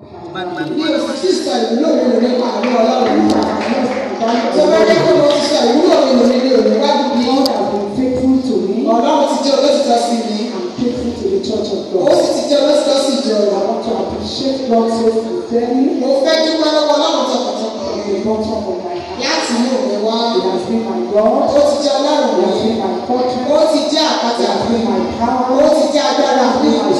Bí èsì sísà ìwúlò mi ò ní pàdé ọlọ́run nípa tó bá dé kó lọ sísà ìwúlò mi ò ní ní òní wá bí ọlọ́run ti jẹ́ olóṣìṣẹ́ sí mi. Ó sì ti jẹ́ olóṣìṣẹ́ sí ìjọ rẹ̀. Mo fẹ́ dúpẹ́ lọ́wọ́ ọlọ́run tọkàntọkàn láti mú mi wá. Ó ti jẹ́ ọlọ́run mi. Ó ti jẹ́ àpáta Ó ti jẹ́ agbára mi.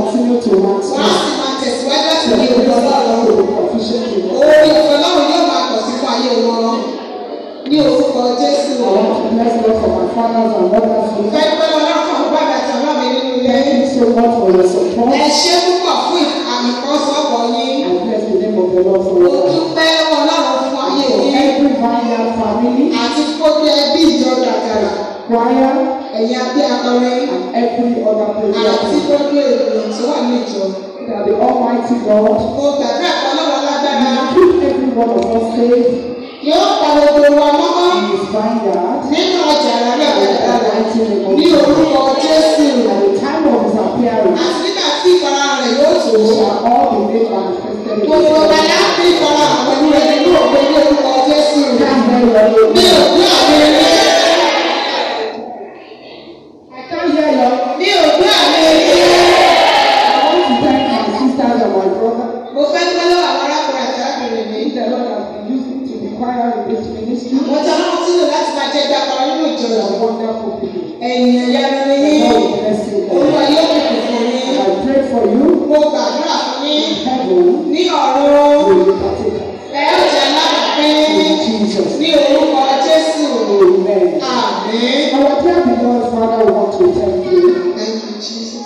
continue to work. Wọ́n á sì máa tẹ̀síwájú láti ní orí ọlọ́run. Orí ọ̀fẹ́ ọlọ́run yóò máa pọ̀ sí fún ayé wọn. Ní orúkọ Jésù. Fẹ́ pẹ́ ọlọ́run fún ọgbà àti ọlọ́run mi nínú ilé. Ẹ ṣé púpọ̀ fún àmì kan sọ́kọ̀ yín. Mo dúpẹ́ ọlọ́run fún ayé yín. Àti kó bí ẹbí ìjọ dàgbà ẹ̀yin abẹ́ akọrin and every other believer. àti gbogbo ènìyàn tó wà ní ìjọ. that the almighty God. mo gbàgbé àpọ̀lọ́wọ́ lágbára. he keep the one of us safe. yóò pa gbogbo wa mọ́kọ́. he is fine that. nínú ọjà rẹ̀ rẹ̀ ní orúkọ Jésù. at the time of his appearance. àti nígbà tí ìfara rẹ̀ yóò tó. we shall all be made manifested. gbogbo ọ̀gá fi ìfara àwọn ẹni rẹ̀ nínú òpin ní orúkọ Jésù. mi ò gbé àwọn ẹni are wonderful people. I pray for you. Mo gbàdúrà fún yín. In heaven. Ní be partaker. Ẹ ó jẹ alábàápẹ́. In Jesus. Amen.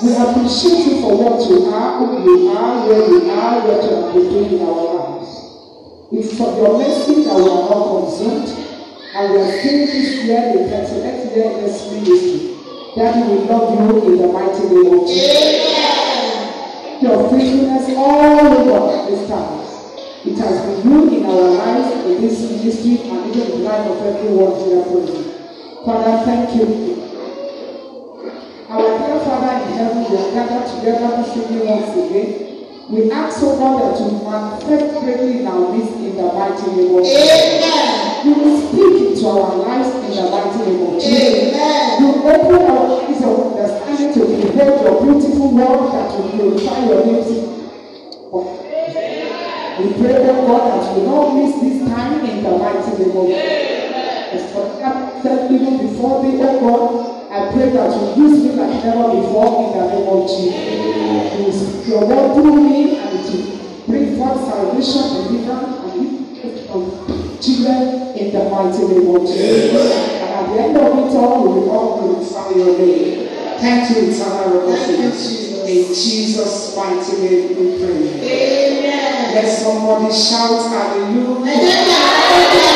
we want to thank for what you are, who are, where you are, what you have been doing in It's for your mercy that we are not concerned and we are this year in 38 year this ministry. That we love you in the mighty name of Jesus. Yeah. Your faithfulness all over this time. It has been you in our lives, in this ministry, and even the life of everyone here present. Father, thank you. Our dear Father in heaven, we are gathered together this evening once again. We ask, O God, that you manifest greatly in our midst in the mighty name of Jesus. Amen. You will speak into our lives in the mighty name of Jesus. Amen. You open our eyes of understanding to behold your beautiful world that will glorify your name. We pray, that God, that we not miss this time in the mighty name of Jesus. people before thee, oh God, I pray that you use me like never before in the name of Jesus. Your word through me and to bring forth salvation, deliverance, and children in the mighty name of Jesus. And at the end of it all, we will all glorify your name. Thank you, eternal refuge. In Jesus' mighty name we pray. Amen. Let somebody shout hallelujah.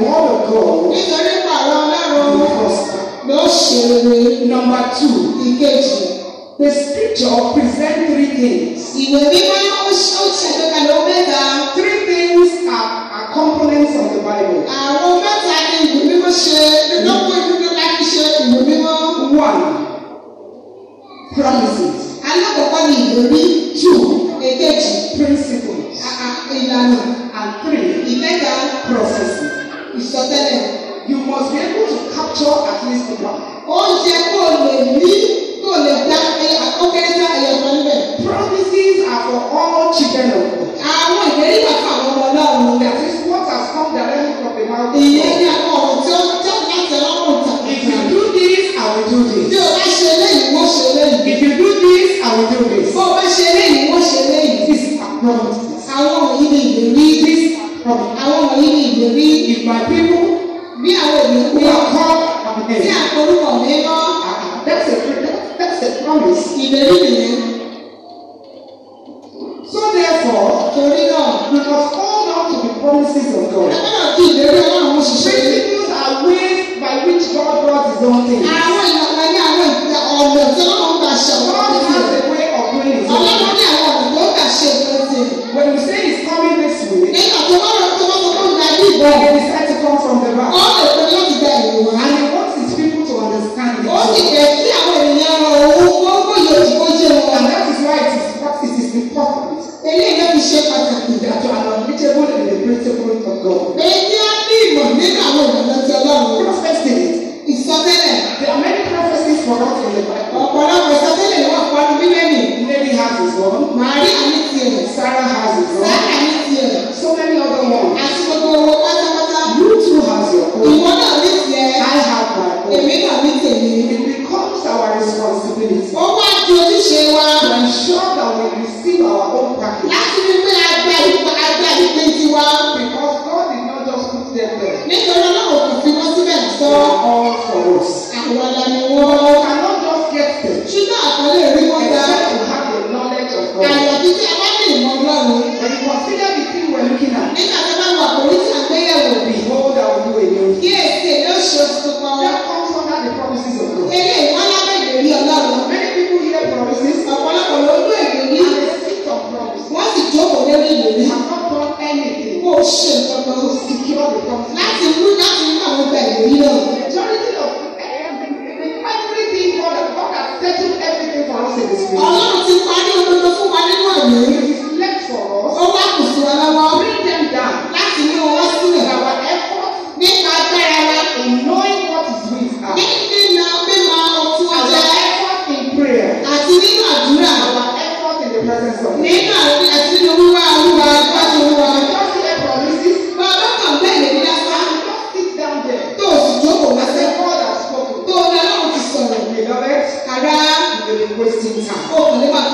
word of God. Nítorí pàrọ̀ Ọlọ́run. The first. ṣe rere. Number two. Ìkejì. The scripture present three things. Ìwé mímọ́ ó ṣàgbékalẹ̀ mẹ́ta. Three things are are components of the Bible. Àwọn mẹ́ta ni ìwé mímọ́ ṣe lọ́pọ̀ ìdúró láti ṣe ìwé mímọ́. One. Promises. Alákọ̀ọ́kọ́ ni ìlérí. Two. Èkejì. Principles. Ah, ah, ìlànà. And three. Ìkẹta. Prophecy ìsọtẹ́lẹ̀ you must be able to capture at least one. ó yẹ kó lè ní kó lè dá ó kéré dá ẹyọ kan níbẹ̀. promises are for all children of God. àwọn ìlérí wà fún àwọn ọmọ ọlọ́run. that is what has come directly from the mouth. ìyẹn ni àwọn ọ̀rọ̀ tí ó jáde láti ọlọ́run tàbí. if you do this I will do this. bí o bá ṣe léyìí wọ́n ṣe léyìí. if you do this I will do this. bó o bá ṣe léyìí wọ́n ṣe léyìí. this is our promise àwọn wọ̀nyí ni ìdèrí ìgbà bíbú bí àwọn ènìyàn bí ọkọ tí àkọlùkọ mímọ́ ìdèrí nìyẹn. So therefore, torí náà, we must hold on to the promises of God. Ẹ náà kí ìdèrí ọlọ́run mú ṣiṣẹ́. Principles are ways by which God brought his own things. Àwọn ìlànà ní àwọn ọ̀nà tí wọ́n. And they decide to come from the back. Wọ́n lè pe láti gba ìlú wá. And he wants his people to understand it. Ó sì fẹ́ kí àwọn ènìyàn wọn òun gbogbo yòókì kó yé wọn. And that is why it is that it is important. Eléyìí náà fi ṣe pàtàkì ìdájọ́ àwọn unreachable and the principle of God. Èyí á ní ìmọ̀ nínú àwọn ìlànà ti Ọlọ́run. Prophecy ìsọtẹ́lẹ̀. There are many prophecies for us in the Bible. Ọ̀pọ̀lọpọ̀ ìsọtẹ́lẹ̀ wà fún mi mẹ́rin. Mary has his own. Mary has his Sarah has his own. Sarah has his So many other ones. Àti gbogbo owó too has your own. Ìwọ náà ní tiẹ̀. I have It becomes our responsibility. Ó wá di that we receive our own package. Láti rí pé agbá ìpè agbá ìpè tiwa. ṣe nǹkan kan ó sì kí ọ̀dùn kan láti mú láti mú àwọn ọgbà ìrírí náà. wasting time. Ó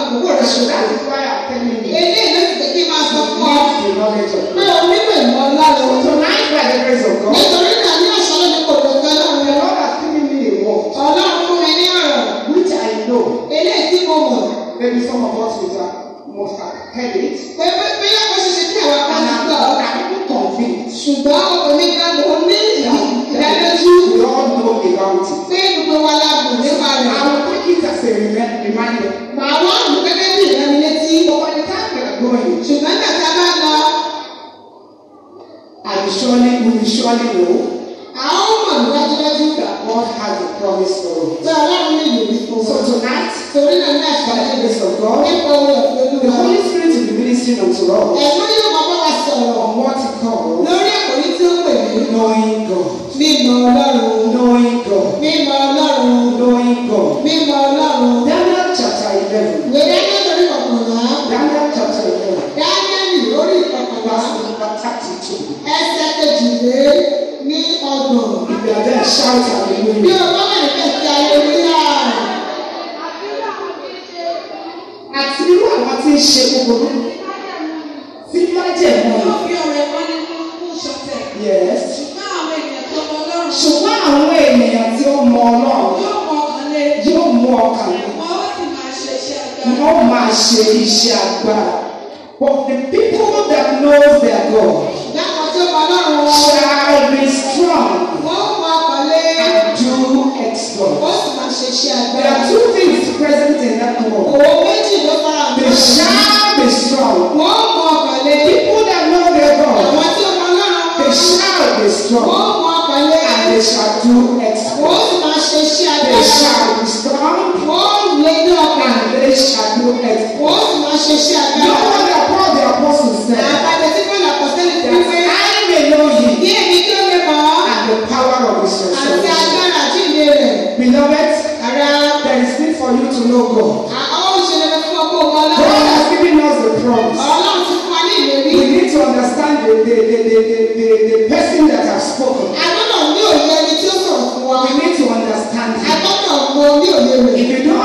the power of his resurrection. Àti agbára àjíǹde rẹ̀. Beloved, Ará. there is need for you to know God. Àwọn òṣèlú fún ọkọ̀ ọmọ ọlọ́run. God has given us the promise. Ọlọ́run ti fún wa ní ìlérí. We need to understand the the the the the the, the person that has spoken. Àgbọ̀nà ní òye ẹni tí ó sọ̀rọ̀ fún wa. We need to understand him. Àgbọ̀nà mọ ní òye rẹ̀. If you don't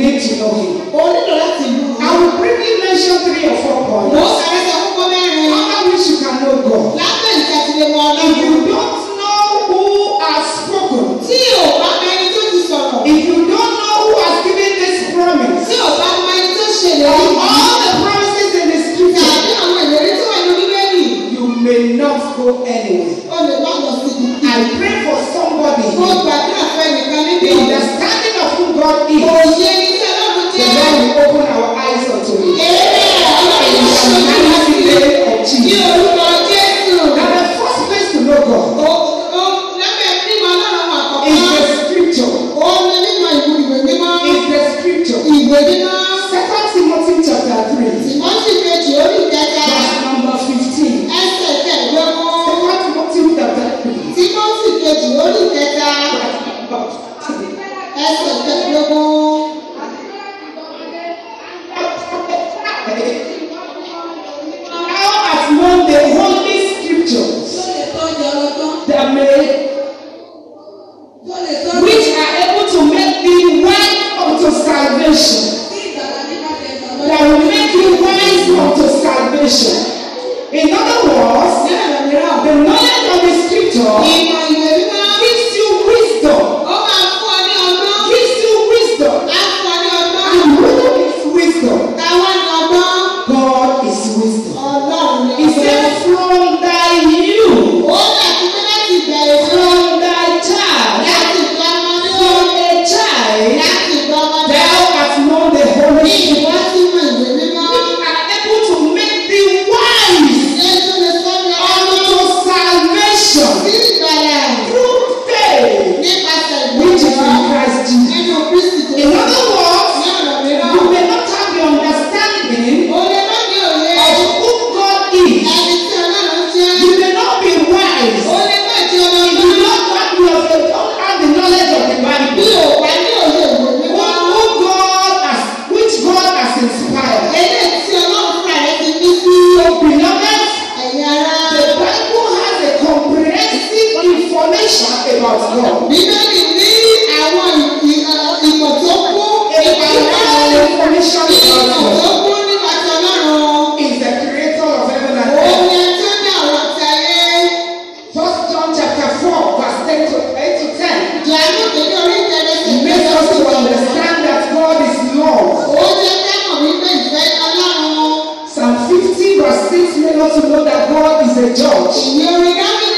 méjì lókè. O nílò láti lu. I will bring you mention three or four points. seems to me to know that God is a judge. You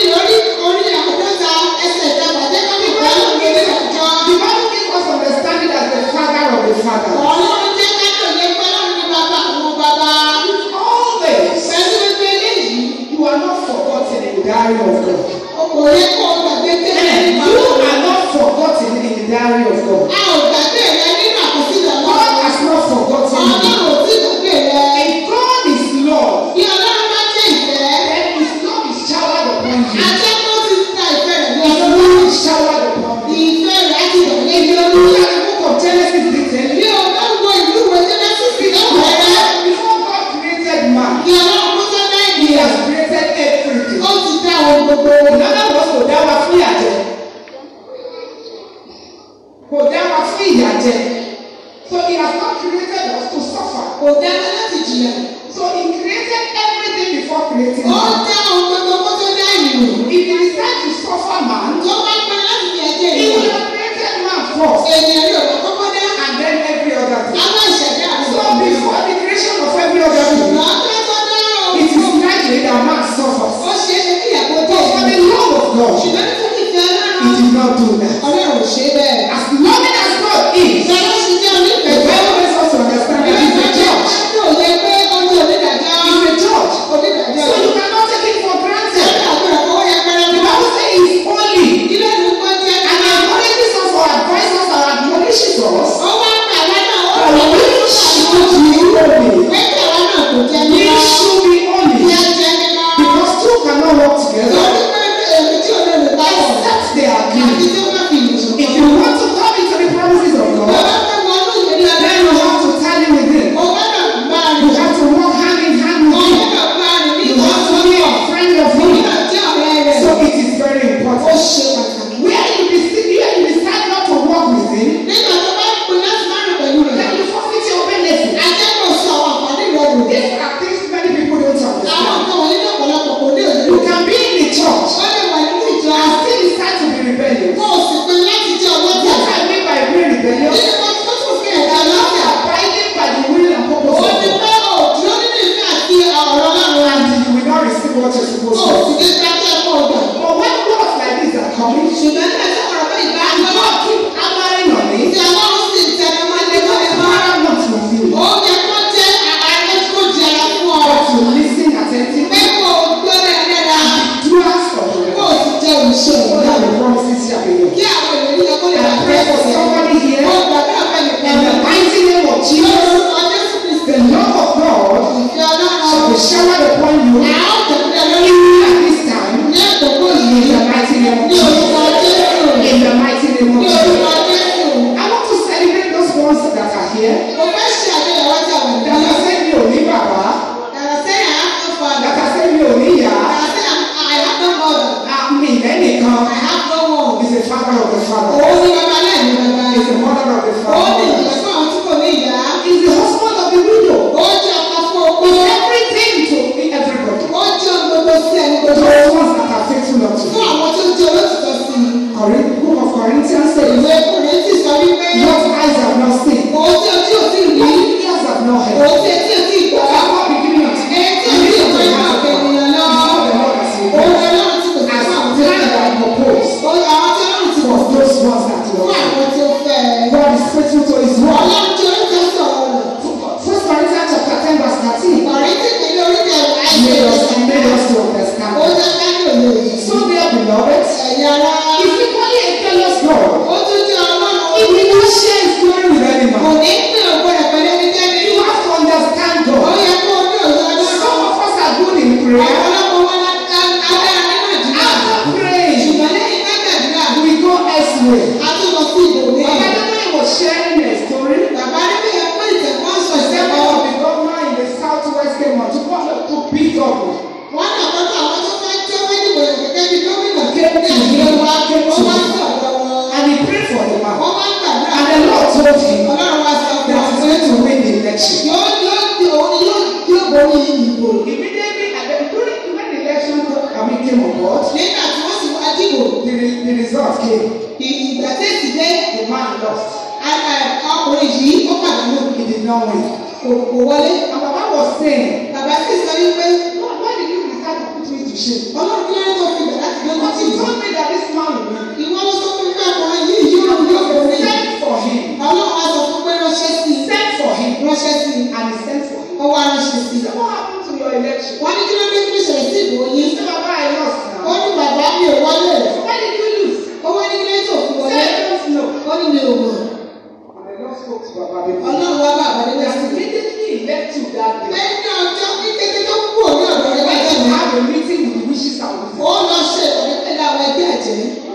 gate ni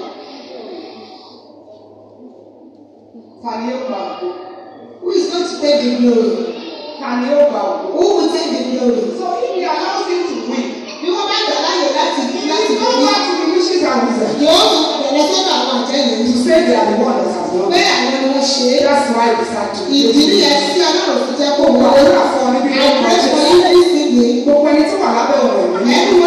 can you back who is going to take the glory can you back who will take the glory so if you allow him to win you go back to allow your lati lati go back to the mission and reason. yóò bẹ̀rẹ̀ sọ́dọ̀ àwọn àjẹyìn. to say they are the one that has won. bẹ́ẹ̀ àwọn ọmọ ṣe é. that's why it's start to. ìdí nìyẹn tí ọlọ́run fi jẹ́ kó wọ́n. òun àfọ̀n níbi ìwọ̀n. àìpẹ́ ìwọ̀n yìí ní ìsinmi. gbogbo ẹni tí wàhálà bẹ̀rẹ̀ rẹ̀ ní. ẹnu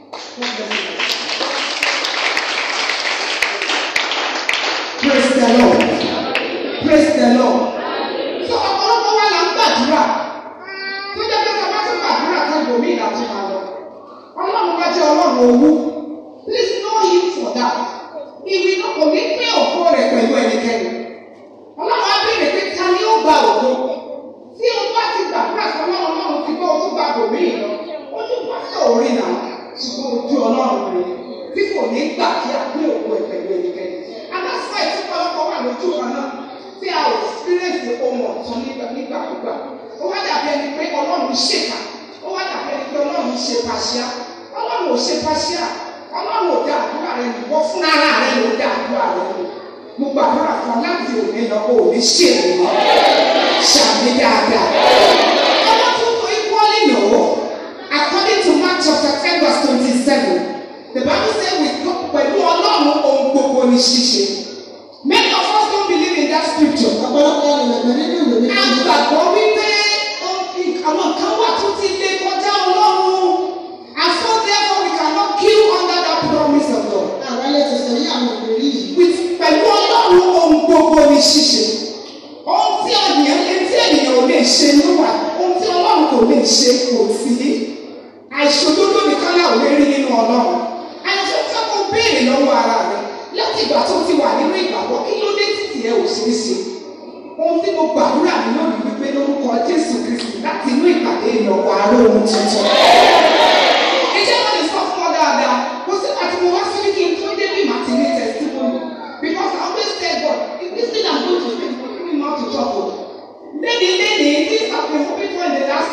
Praise the Lord. Praise the Lord.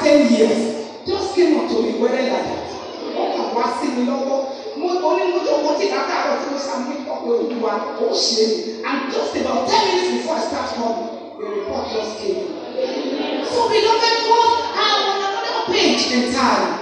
ten years just came up to me wearing like that ó kà wá sí mi lọ́wọ́ mo onímọ̀jọ́ mo ti dá káàrọ̀ tí mo sàmú ìpọ̀pọ̀ òdùwà ó ṣe é and just about ten minutes before I start work, the report just came so we don't get one hour on another page in time.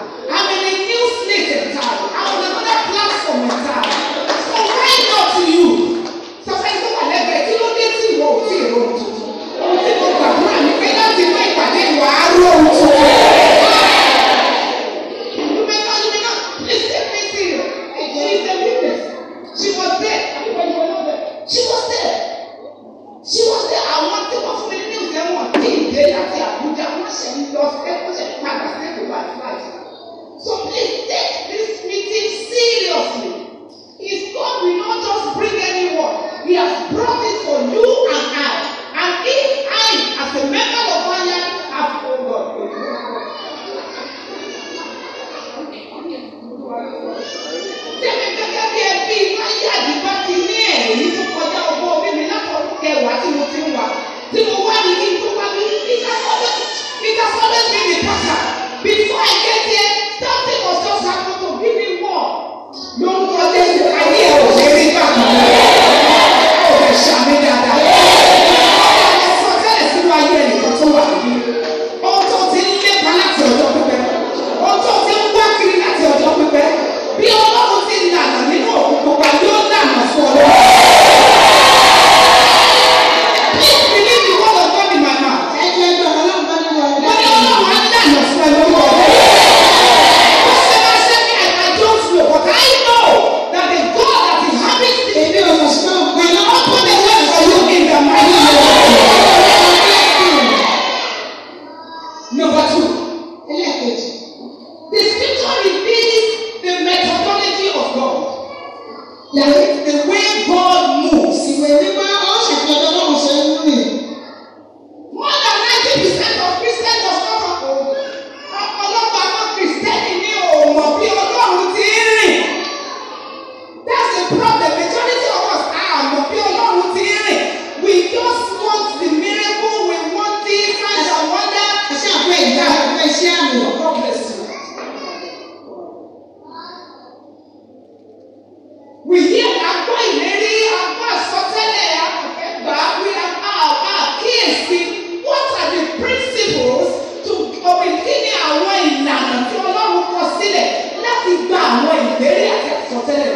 ìlérí àkẹ́kọ̀ọ́ tẹ́lẹ̀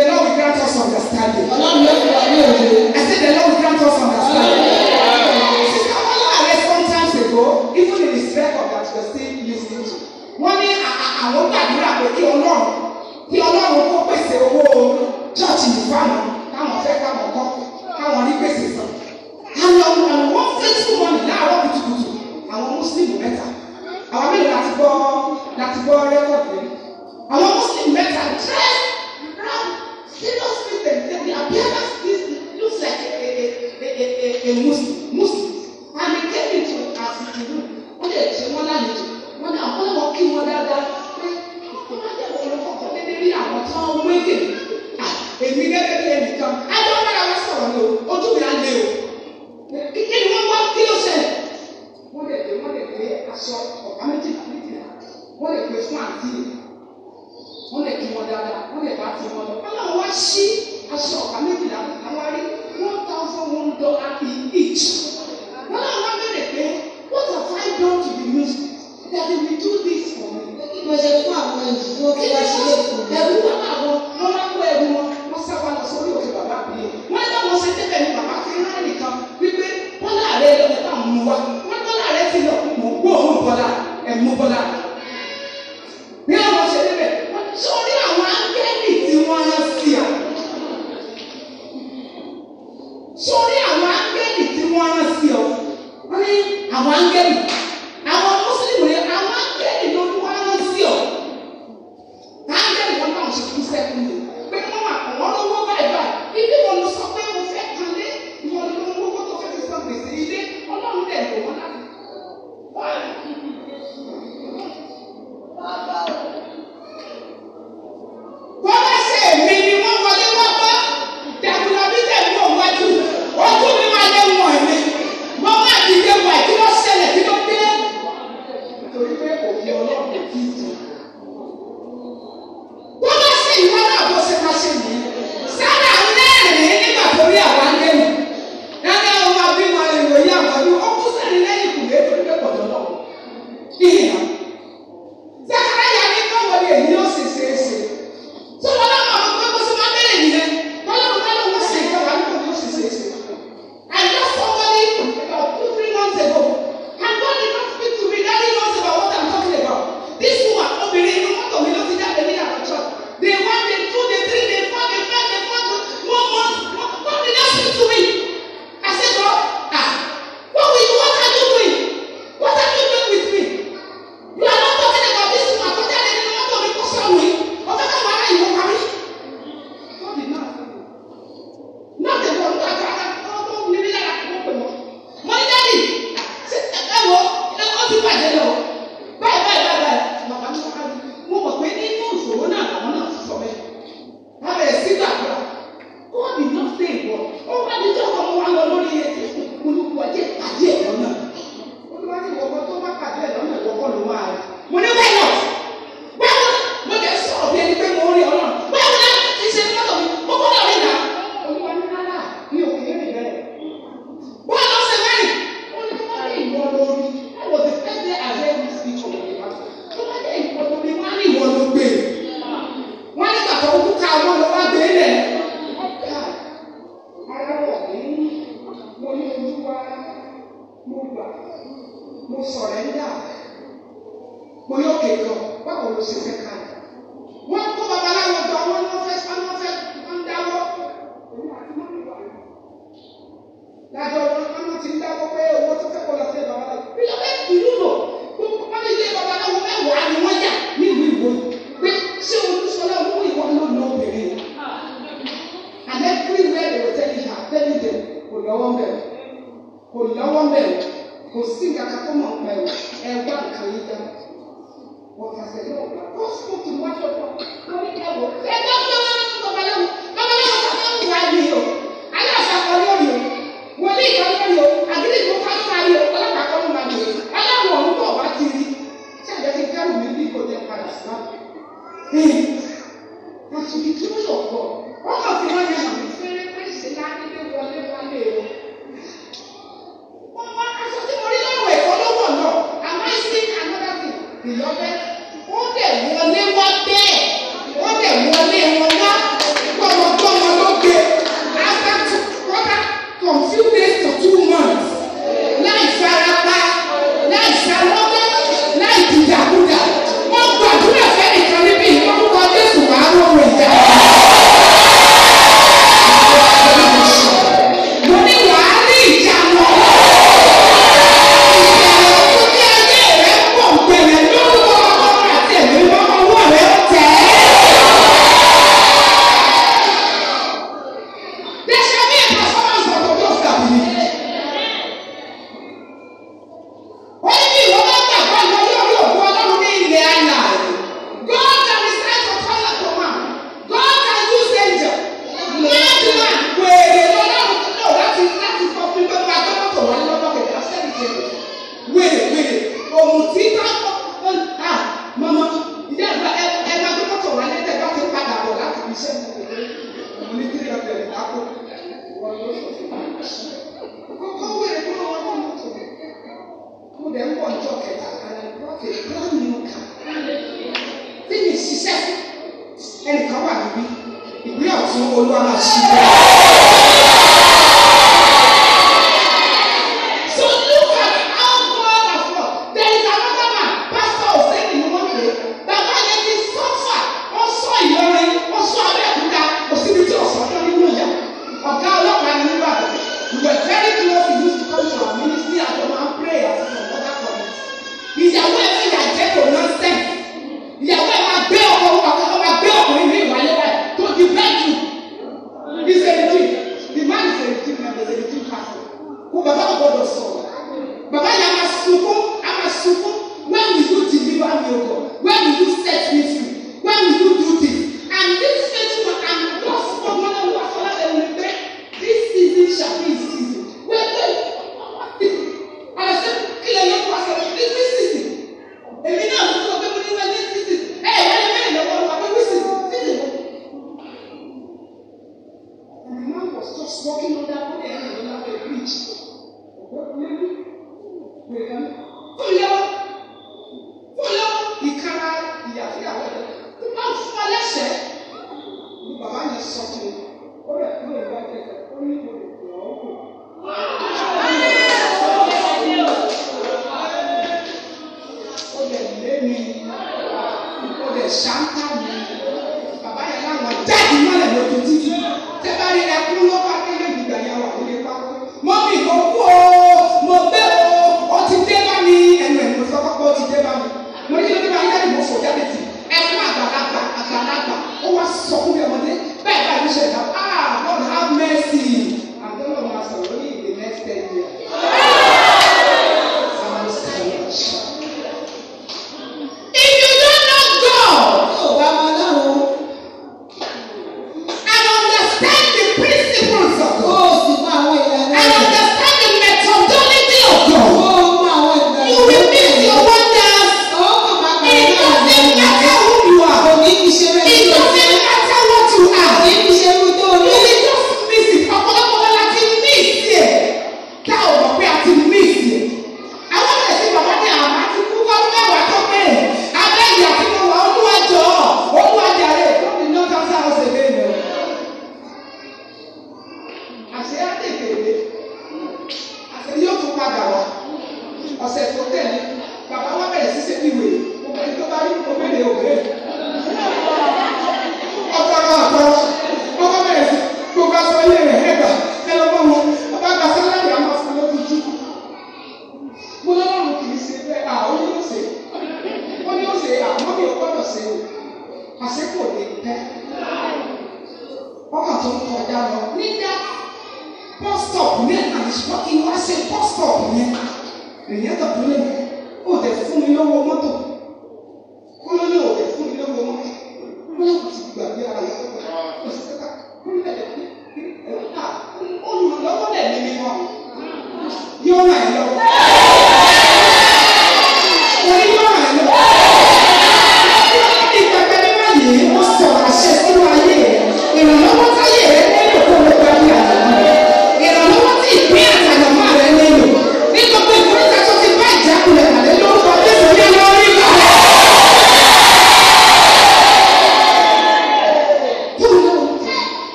The Lord will grant us understanding. I say the Lord will grant us understanding.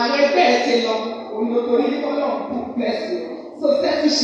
àwọn ẹgbẹ́ ẹ ti lọ òun ló torí kọ́lọ́ọ̀ bú bless you so selfish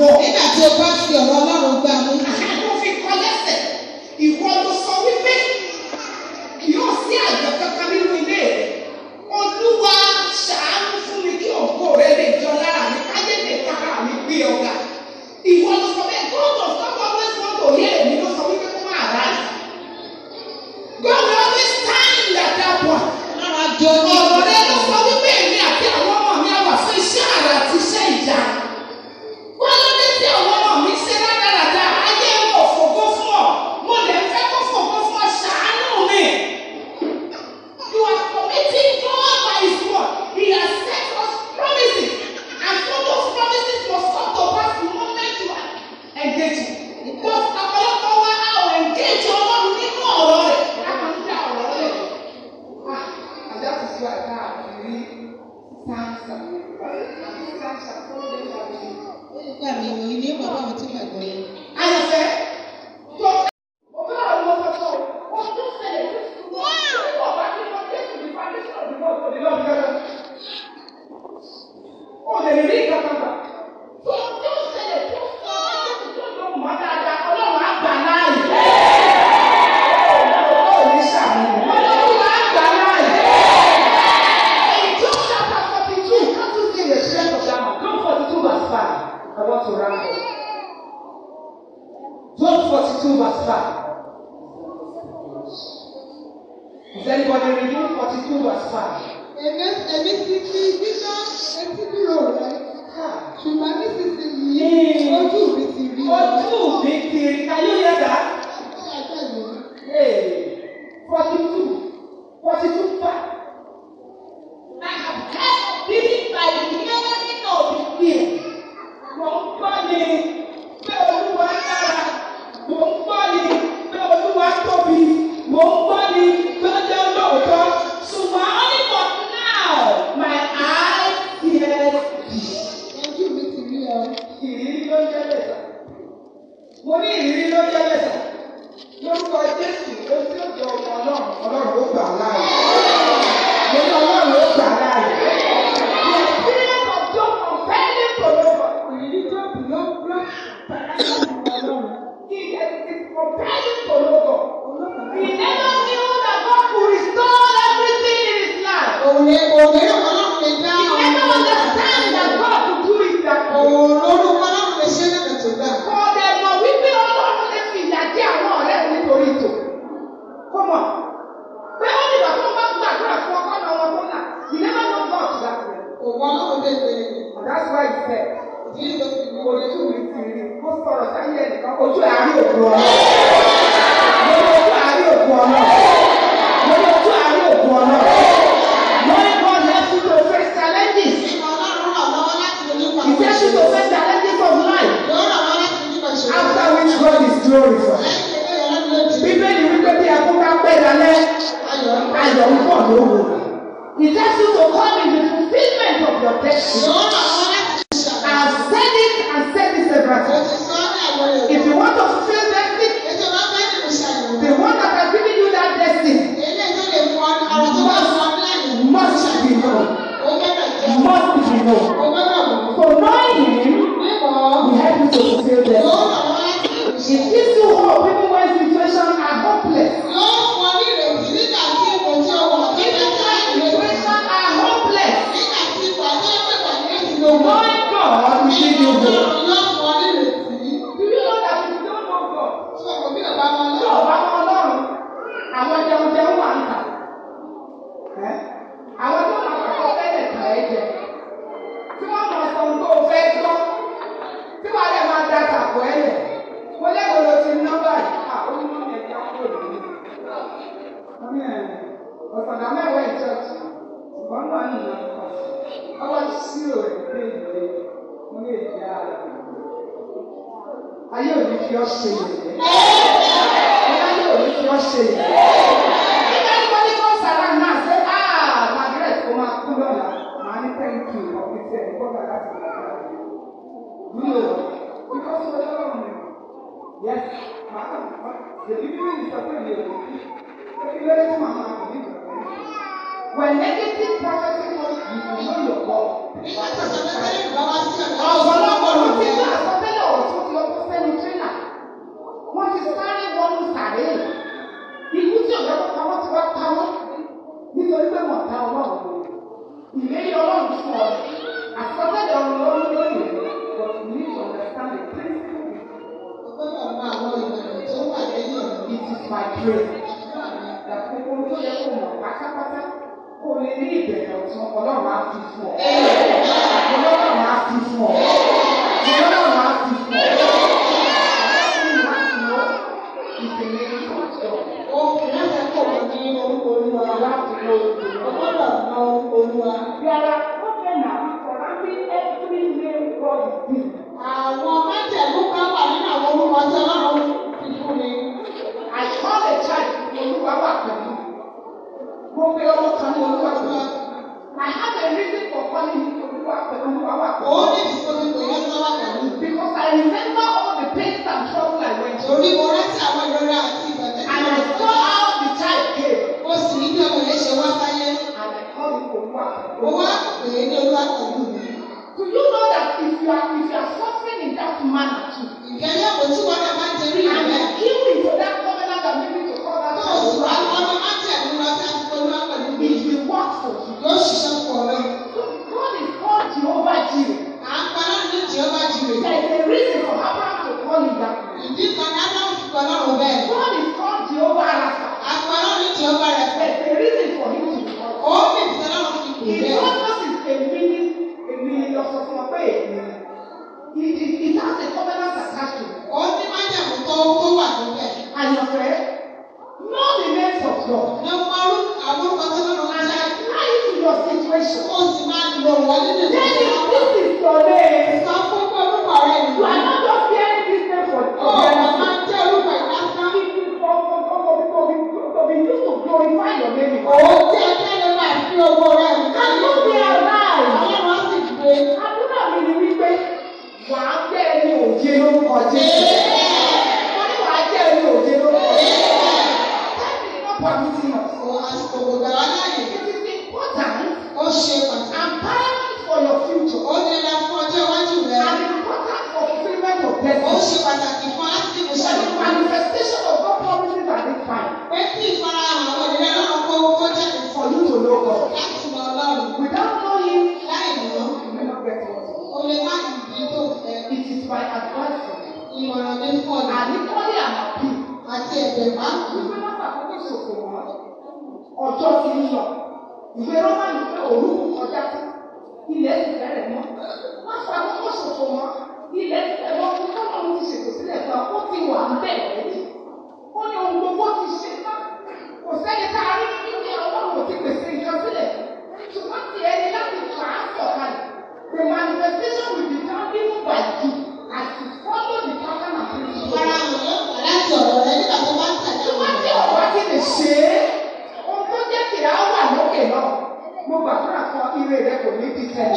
wọ. nígbà tí o bá fi ọ̀rọ̀ Ọlọ́run gba glória. gbogbo ọgbọ́dọ̀ mọ Olúwa rárá. mo gbàdúrà fún ire rẹ kò ní ti tẹ̀.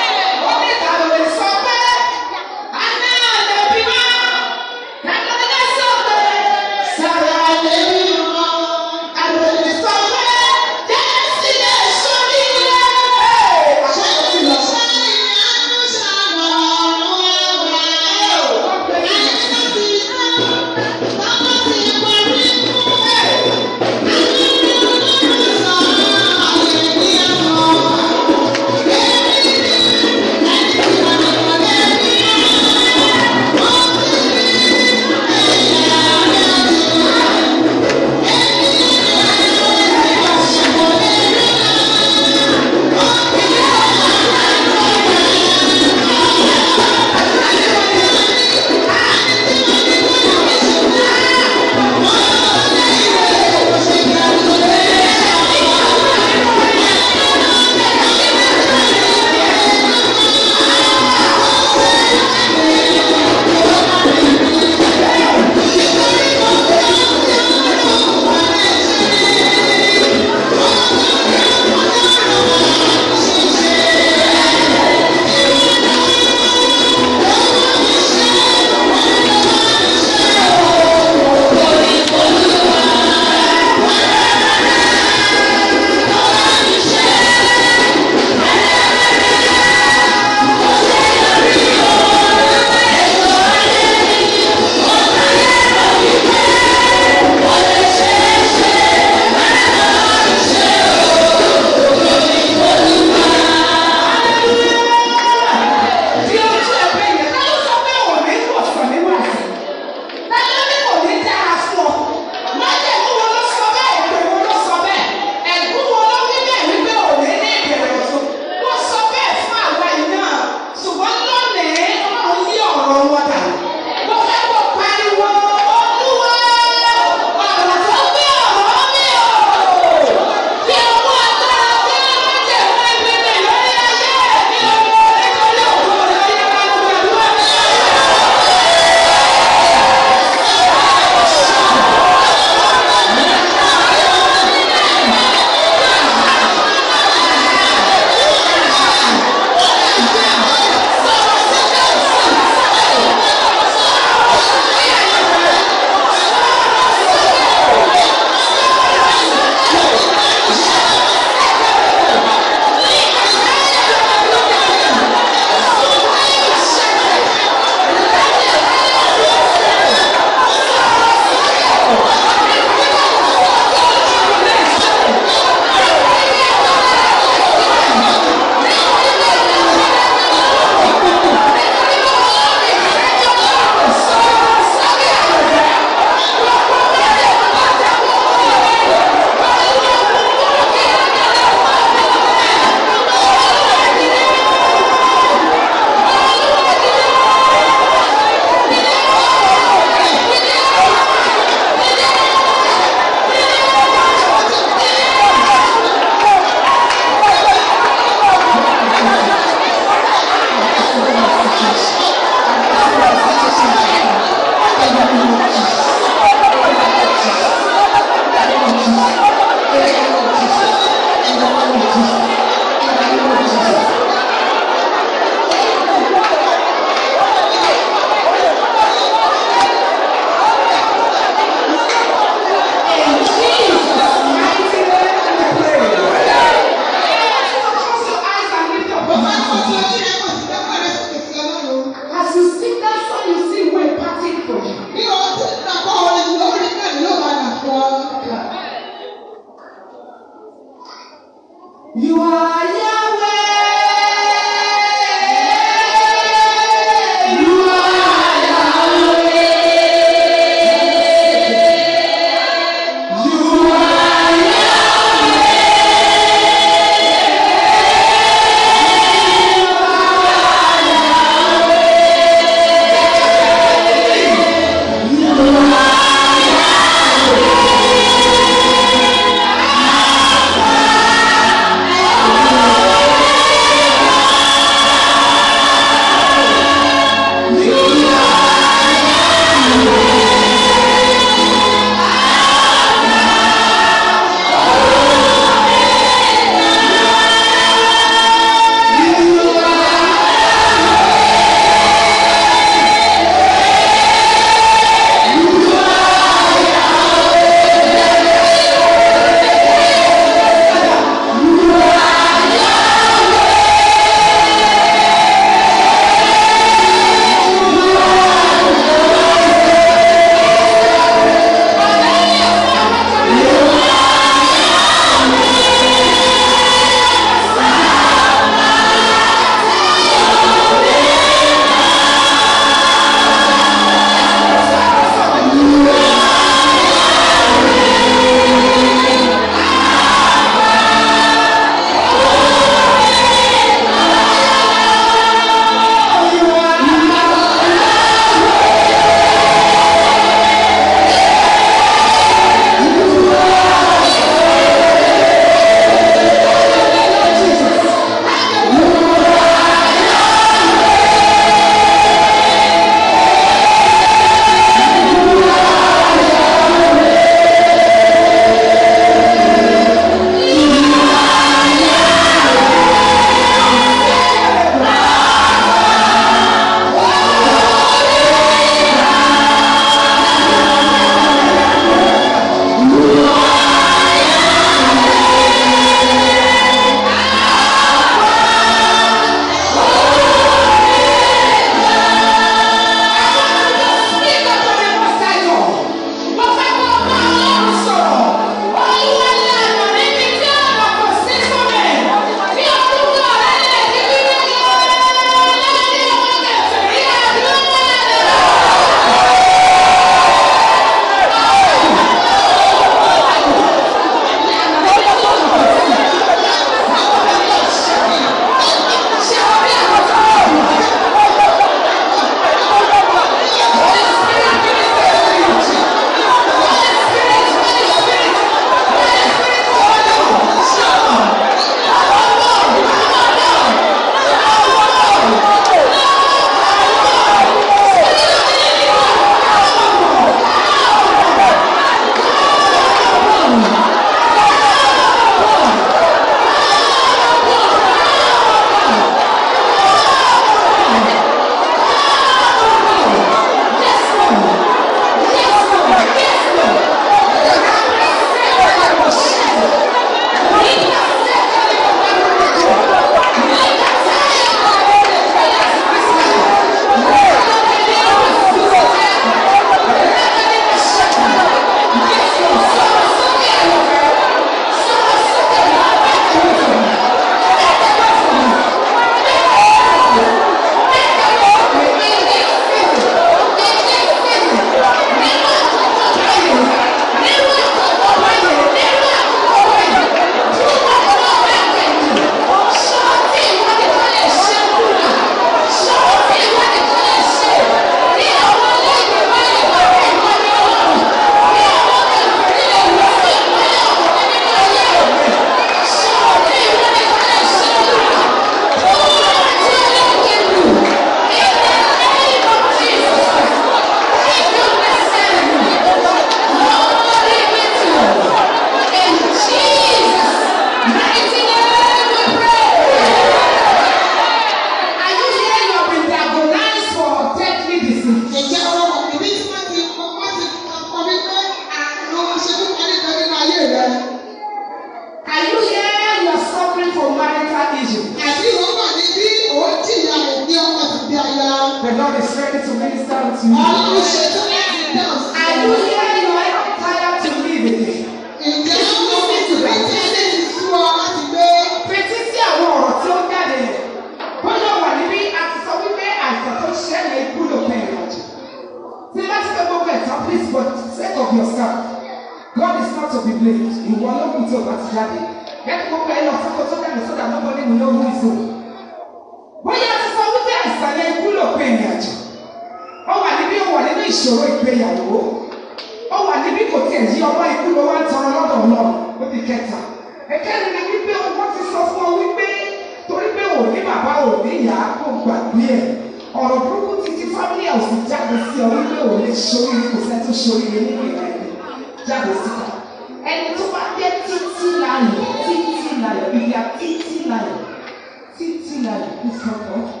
Please come you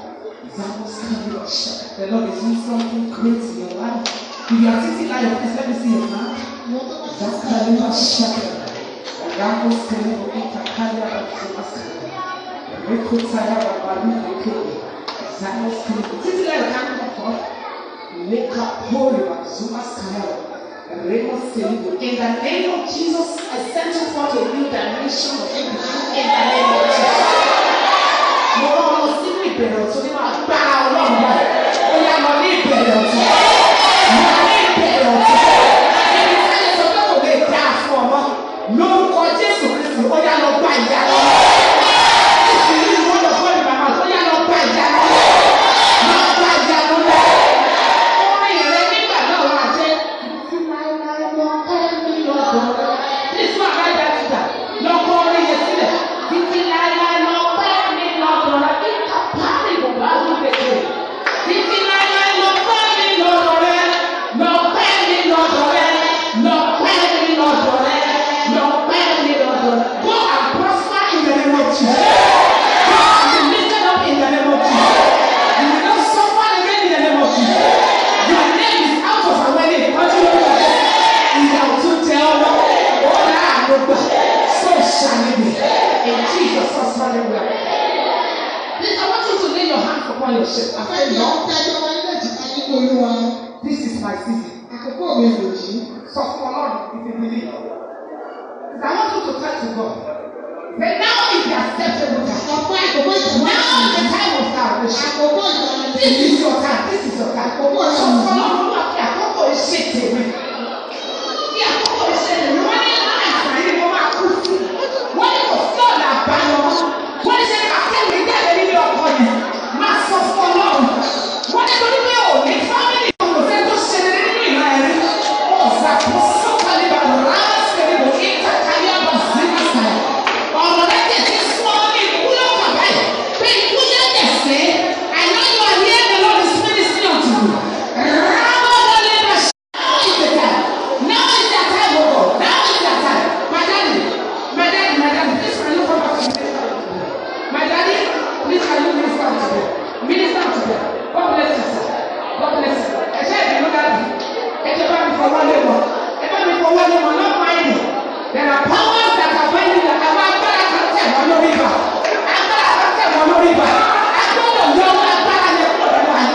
comfort, that was courage. The Lord is doing something great in your life. If you are sitting like this, let me see your hand. up kind of shepherd. That was kind of a kind our master. Rekotaya Rabalu Rekele. That was coming. of. Sitting like a kind of comfort. Leka Poriwa Zumas Kayao. Remos Kelibo. In the name of Jesus, I send you forth a new dimension of everything in the name of Jesus mo rán ọmọ sínú ìbẹ̀rẹ̀ tó ní máa gbára ọlọ́run báyìí.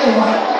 everyone.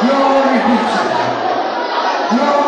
Glory be to God. Glory